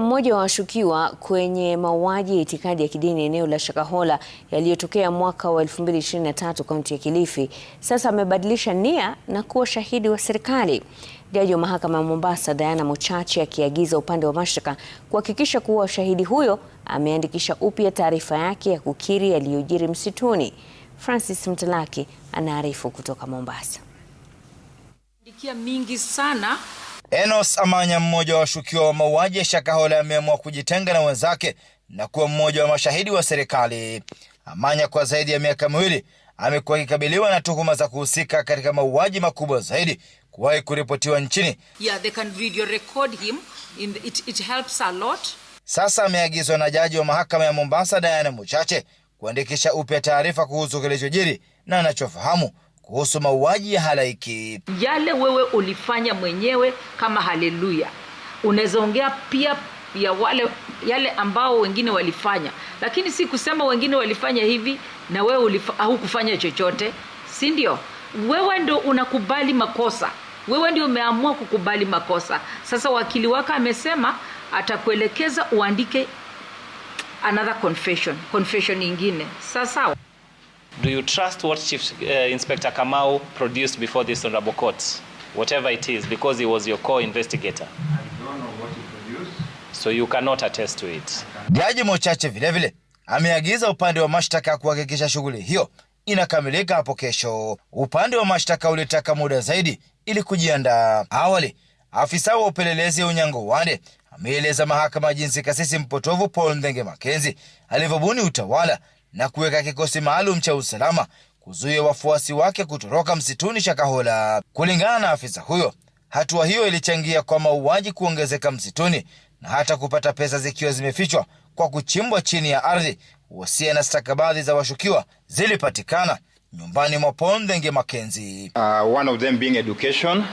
Mmoja wa washukiwa kwenye mauaji ya itikadi ya kidini eneo la Shakahola yaliyotokea mwaka wa 2023 kaunti ya Kilifi sasa amebadilisha nia na kuwa shahidi wa serikali. Jaji wa mahakama ya Mombasa Diana Mochache akiagiza upande wa mashtaka kuhakikisha kuwa shahidi huyo ameandikisha upya taarifa yake ya kukiri yaliyojiri msituni. Francis Mtalaki anaarifu kutoka Mombasa. Mingi sana Enos Amanya, mmoja wa washukiwa wa mauaji ya Shakahola, ameamua kujitenga na wenzake na kuwa mmoja wa mashahidi wa serikali. Amanya kwa zaidi ya miaka miwili amekuwa akikabiliwa na tuhuma za kuhusika katika mauaji makubwa zaidi kuwahi kuripotiwa nchini. Yeah, they can video record him. It, it helps a lot. Sasa ameagizwa na jaji wa mahakama ya Mombasa Diana Muchache kuandikisha upya taarifa kuhusu kilichojiri na anachofahamu kuhusu mauaji ya halaiki. Yale wewe ulifanya mwenyewe kama haleluya, unaweza ongea pia ya wale yale ambao wengine walifanya, lakini si kusema wengine walifanya hivi na wewe hukufanya chochote, si ndio? Wewe ndio unakubali makosa, wewe ndio umeamua kukubali makosa. Sasa wakili wako amesema atakuelekeza uandike another confession, confession nyingine, sawa sawa. Do you trust what Chief uh, Inspector Kamau produced before this honorable court? Whatever it is, because he was your core investigator. I don't know what he produced. So you cannot attest to it. Jaji Mochache vilevile ameagiza upande wa mashtaka kuhakikisha shughuli hiyo inakamilika hapo kesho. Upande wa mashtaka ulitaka muda zaidi ili kujiandaa. Awali, afisa wa upelelezi Onyango Wande ameeleza mahakama jinsi kasisi mpotovu Paul Ndenge Makenzi alivyobuni utawala na kuweka kikosi maalum cha usalama kuzuia wafuasi wake kutoroka msituni Shakahola. Kulingana na afisa huyo, hatua hiyo ilichangia kwa mauaji kuongezeka msituni na hata kupata pesa zikiwa zimefichwa kwa kuchimbwa chini ya ardhi. Wasia na stakabadhi za washukiwa zilipatikana nyumbani mwa Pondenge makenzi Uh, one of them being education.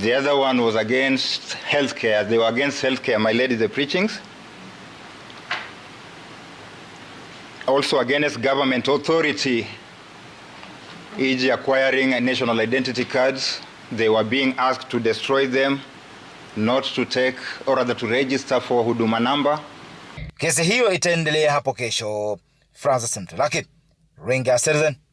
The other one was against healthcare. They were against healthcare. My lady the preachings. also against government authority e.g. acquiring national identity cards they were being asked to destroy them not to take or rather to register for huduma number kesi hiyo itaendelea hapo kesho Francis Mtalaki Ringa Citizen